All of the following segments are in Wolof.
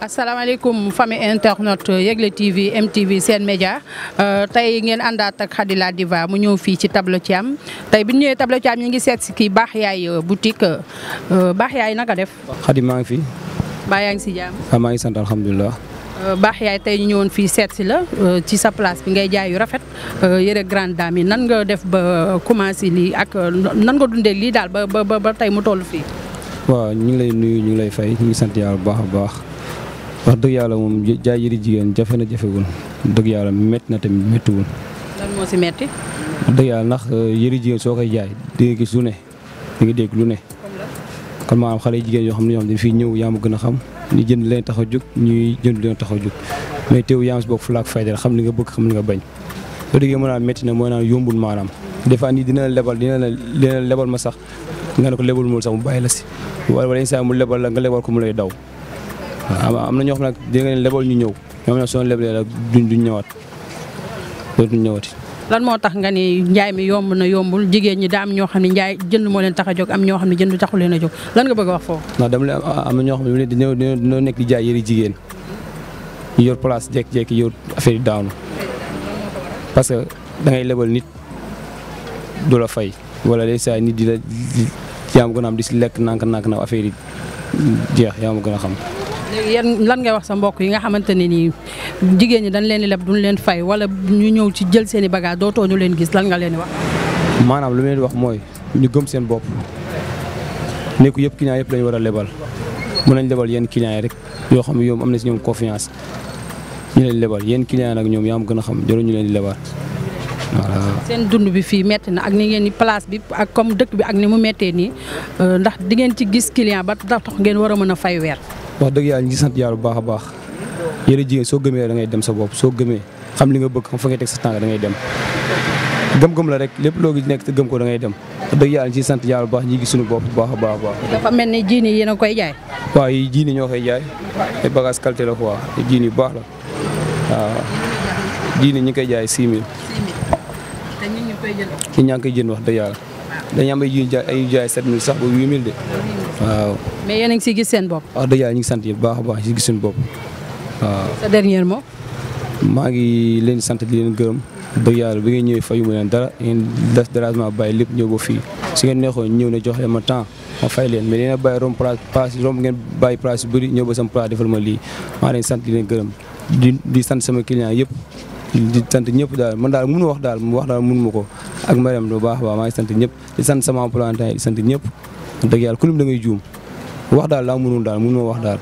Assalamualaikum, famille internet, Yegle TV MTV Sen euh tay ngeen andat ak Khady Diva mu ñew fi ci Tableau am tay bi ñewé ñëwee ci am ñi ngi sét ci bax Yaay euh, boutique euh, bax Yaay naka def. Khady ma ngi fi. baa yaa ngi si jàmm. Ah, ma ngi sant alhamdulilah. Euh, bax Yaay tay ñu ñewon fi sét ci la ci sa place bi ngay jaay yu rafet yere grande dame yi nan nga def ba commencé li ak nan nga dundé li dal ba ba tay mu toll fi wa ñu ngi lay nuyu ñu ngi lay fay ñu sant yaal bu baax baax. wax dëgg yàlla moom jaay yëri jigéen jafe na jafewul dëgg yàlla métti na tamit méttiwul. lan dëgg yàlla ndax euh, yëri jigéen soo koy jaay di nga gis lu ne dégg lu ne. kon maanaam xale jigéen yoo xam ne ñoo xam dañ fiy ñëw yaa ma gën a xam ñu jënd tax a jóg ñuy jënd leen tax a jóg mais teew yaa ma si bokk fulaak fayda xam li nga bëgg xam li nga bañ. soo déggee mën naa métti na mooy naan yombul maanaam des fois nii dina la lebal dina la dina ma sax nga ne ko lebal sax mu bàyyi la si wala wala instant mu lebal la nga lebal ko mu lay daw Ah. am na ñoo nag dégg ñu ñëw ñoom nag soo leblee rek ñëwaat dootuñ ñëwati. lan moo tax nga ni njaay mi yomb na yombul jigéen ñi daa am ñoo xam ne njaay jënd moo leen tax a jóg am ñoo xam ne jënd taxu leen a jóg lan nga bëgg a wax foofu. ndax dama leen am na ñoo xam ne dañoo nekk jaay yëri jigéen ñu yor place jékki-jékki yor affaire yi daanu parce que da ngay lebal nit du la fay wala day saa nit di la yaa ma gën a am di si lekk nànk nànk na affaire yi jeex yaa ma gën a xam. yan lan ngay wax sa mbokk yi nga xamante ne nii jigéen ñi dañ leen di leb duñ leen fay wala ñu ñëw ci jël seen i bagage dootoo ñu leen gis lan nga leen di wax. maanaam lu ma wax mooy ñu gëm seen bopp nekku yëpp client yëpp lañu war a lebal mën nañ lebal yenn client yi rek yoo xam ne am na si ñoom confiance ñu leen lebal yenn client nag ñoom yaa am gën a xam jarul ñu leen di lebal. seen dund bi fii metti na ak ni ngeen ni place bi ak comme dëkk bi ak ni mu méttee nii euh, ndax ngeen ci gis client ba tax ngeen war a mën a fay weer. wax deug yàlla ñi sant yàlla bu baax baax yeene jige so gëmé da ngay dem sa bop so gëmé xam li nga bëgg xam fa ngay tek sa tànk da ngay dem gëm-gëm la rek lepp lo gi nekk te gëm ko da ngay dem deug dëgg ci sant yàlla bu baax ñi gi suñu bop bu baax baax baax dafa mel ni jiini yéen a koy jaay wa yi jini ño koy jaay e bagage qualité la quoi jini bu baax la waaw jiini ñi koy jaay 6000 6000 te ñi ñu koy ñaa ngi koy jënd wax deug yàlla dañ am ay jiini jaay ay jaay 7000 sax bu 8000 de waaw mais yéen a ngi siy gis seen bopp. wax dëgg yàlla ñu ngi sant yëpp baax a baax si gis suñu bopp waaw. sa dernier mot. maa ngi leen sant di leen gërëm dëgg yàlla bi ngeen ñëwee fayu ma leen dara ngeen des dérangement bàyyi lépp ñëw ba fii su ngeen neexoon ñëw ne jox leen ma temps ma fay leen mais leen a bàyyi romb place place romb ngeen bàyyi place yu bëri ñëw ba sama place defal ma lii maa leen sant di leen gërëm di di sant sama client yëpp di sant ñëpp daal man daal mënu wax daal wax daal mënu ma ko ak Mariam lu baax baax maa ngi sant ñëpp di sant sama plantain di sant ñëpp dëgg yàlla ku lim ngay juum wax daal laa mënul daal mënuma wax daal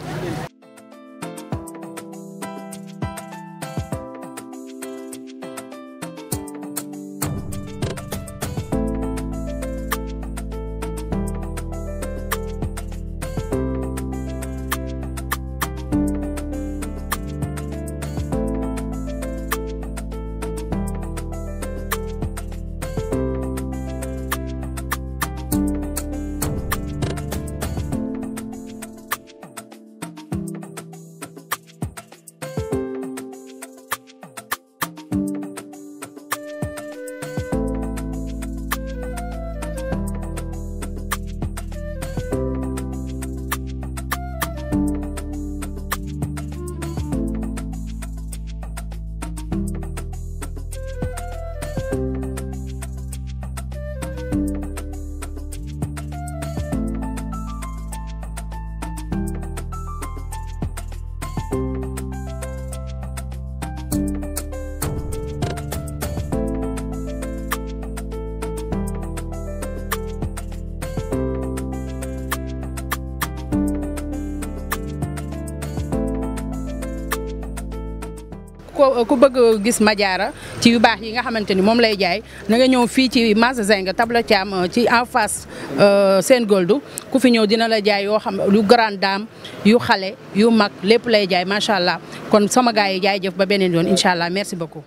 ko ku bëgg gis Madiara ci yu baax yi nga xamante ni moom lay jaay na nga ñëw fii ci Mas Zinc table Thiam euh, ci en face euh, seen goldu ku fi ñëw dina la jaay yoo xam lu grande dame yu xale yu mag lépp lay jaay macha allah kon sama gaa yi jaay jëf ba beneen yoon incha allah merci beaucoup.